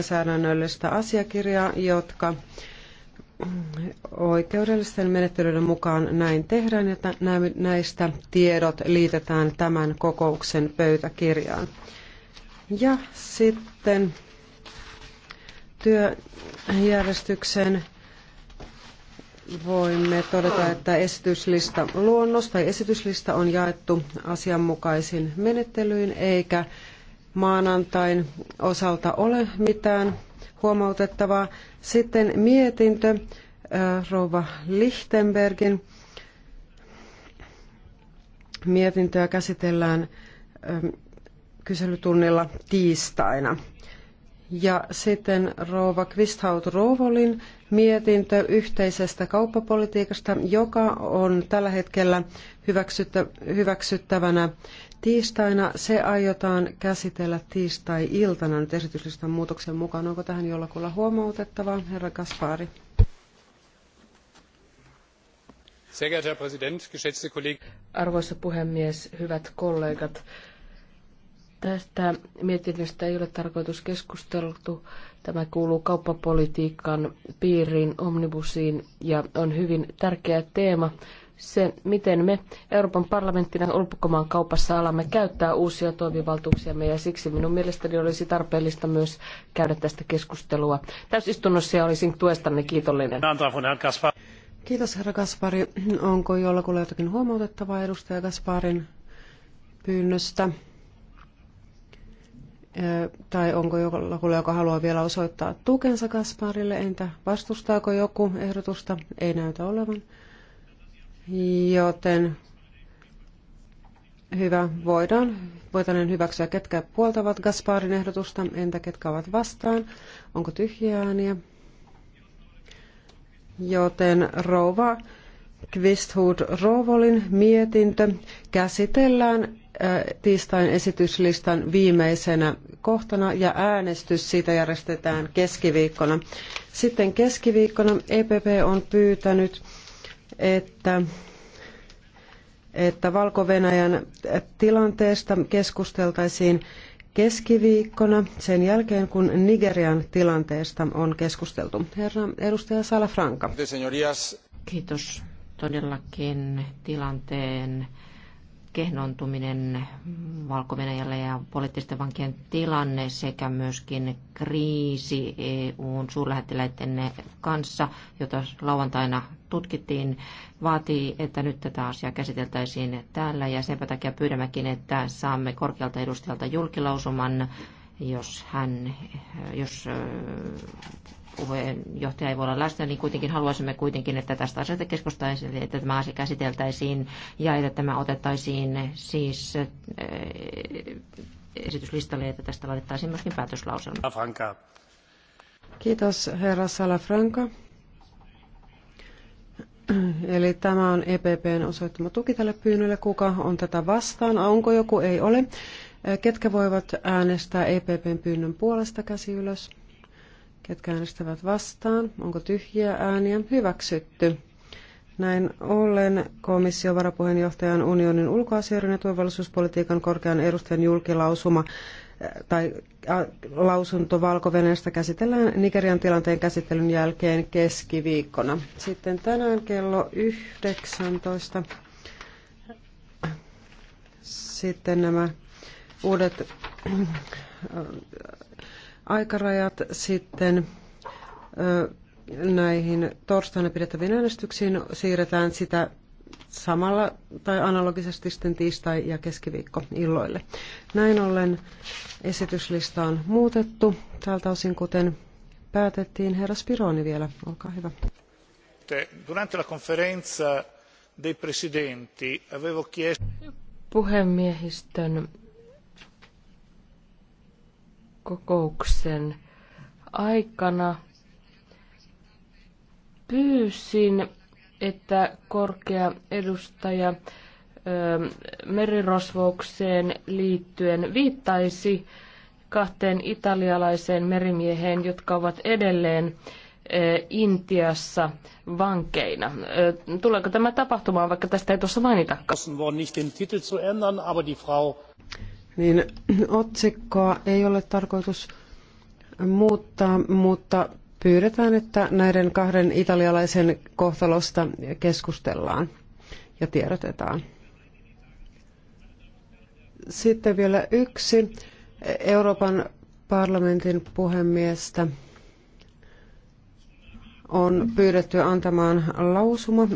lainsäädännöllistä asiakirjaa, jotka oikeudellisten menettelyiden mukaan näin tehdään ja näistä tiedot liitetään tämän kokouksen pöytäkirjaan. Ja sitten työjärjestyksen voimme todeta, että esityslista luonnos tai esityslista on jaettu asianmukaisin menettelyin eikä maanantain osalta ole mitään huomautettavaa. Sitten mietintö äh, rouva Lichtenbergin mietintöä käsitellään ähm, kyselytunnilla tiistaina. Ja sitten Rova Kvisthaut Rouvolin mietintö yhteisestä kauppapolitiikasta, joka on tällä hetkellä hyväksyttä, hyväksyttävänä tiistaina. Se aiotaan käsitellä tiistai-iltana nyt esityslistan muutoksen mukaan. Onko tähän jollakulla huomautettavaa, herra Kaspari? Arvoisa puhemies, hyvät kollegat. Tästä mietinnöstä ei ole tarkoitus keskusteltu. Tämä kuuluu kauppapolitiikan piiriin, omnibusiin ja on hyvin tärkeä teema. Se, miten me Euroopan parlamenttina ulkomaan kaupassa alamme käyttää uusia toimivaltuuksiamme ja siksi minun mielestäni olisi tarpeellista myös käydä tästä keskustelua. Täysistunnossa ja olisin tuestanne kiitollinen. Kiitos herra Kaspari. Onko jollakulla jotakin huomautettavaa edustaja Kasparin pyynnöstä? tai onko joku, joka haluaa vielä osoittaa tukensa Kasparille? Entä vastustaako joku ehdotusta? Ei näytä olevan. Joten hyvä, voidaan. Voitaneen hyväksyä, ketkä puoltavat Gasparin ehdotusta, entä ketkä ovat vastaan. Onko tyhjiä ääniä? Joten rouva Quisthut Rovolin mietintö käsitellään tiistain esityslistan viimeisenä kohtana ja äänestys siitä järjestetään keskiviikkona. Sitten keskiviikkona EPP on pyytänyt, että, että Valko-Venäjän tilanteesta keskusteltaisiin keskiviikkona sen jälkeen, kun Nigerian tilanteesta on keskusteltu. Herra edustaja Salafranca. Kiitos todellakin tilanteen kehnontuminen valko ja poliittisten vankien tilanne sekä myöskin kriisi EUn suurlähettiläiden kanssa, jota lauantaina tutkittiin, vaatii, että nyt tätä asiaa käsiteltäisiin täällä ja sen takia pyydämmekin, että saamme korkealta edustajalta julkilausuman jos hän, jos puheenjohtaja ei voi olla läsnä, niin kuitenkin haluaisimme kuitenkin, että tästä asiasta keskustaisiin, että tämä asia käsiteltäisiin ja että tämä otettaisiin siis esityslistalle, että tästä laitettaisiin myöskin päätöslauselma. Franka. Kiitos herra Salafranca. Eli tämä on EPPn osoittama tuki tälle pyynnölle. Kuka on tätä vastaan? Onko joku? Ei ole. Ketkä voivat äänestää EPPn pyynnön puolesta käsi ylös? Ketkä äänestävät vastaan? Onko tyhjiä ääniä? Hyväksytty. Näin ollen komission varapuheenjohtajan unionin ulkoasioiden ja turvallisuuspolitiikan korkean edustajan julkilausuma tai lausunto valko käsitellään Nigerian tilanteen käsittelyn jälkeen keskiviikkona. Sitten tänään kello 19. Sitten nämä uudet äh, aikarajat sitten äh, näihin torstaina pidettäviin äänestyksiin siirretään sitä samalla tai analogisesti sitten tiistai- ja keskiviikko-illoille. Näin ollen esityslista on muutettu tältä osin, kuten päätettiin. Herra Spironi vielä, olkaa hyvä. Durante la conferenza dei presidenti avevo chiesto... Puhemiehistön kokouksen aikana pyysin, että korkea edustaja merirosvoukseen liittyen viittaisi kahteen italialaiseen merimieheen, jotka ovat edelleen Intiassa vankeina. Tuleeko tämä tapahtumaan, vaikka tästä ei tuossa mainitakaan? niin otsikkoa ei ole tarkoitus muuttaa, mutta pyydetään, että näiden kahden italialaisen kohtalosta keskustellaan ja tiedotetaan. Sitten vielä yksi Euroopan parlamentin puhemiestä on pyydetty antamaan lausuma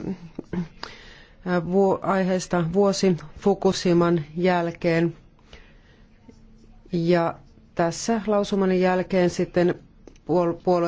aiheesta vuosi Fukushiman jälkeen. Ja tässä lausuman jälkeen sitten puolueiden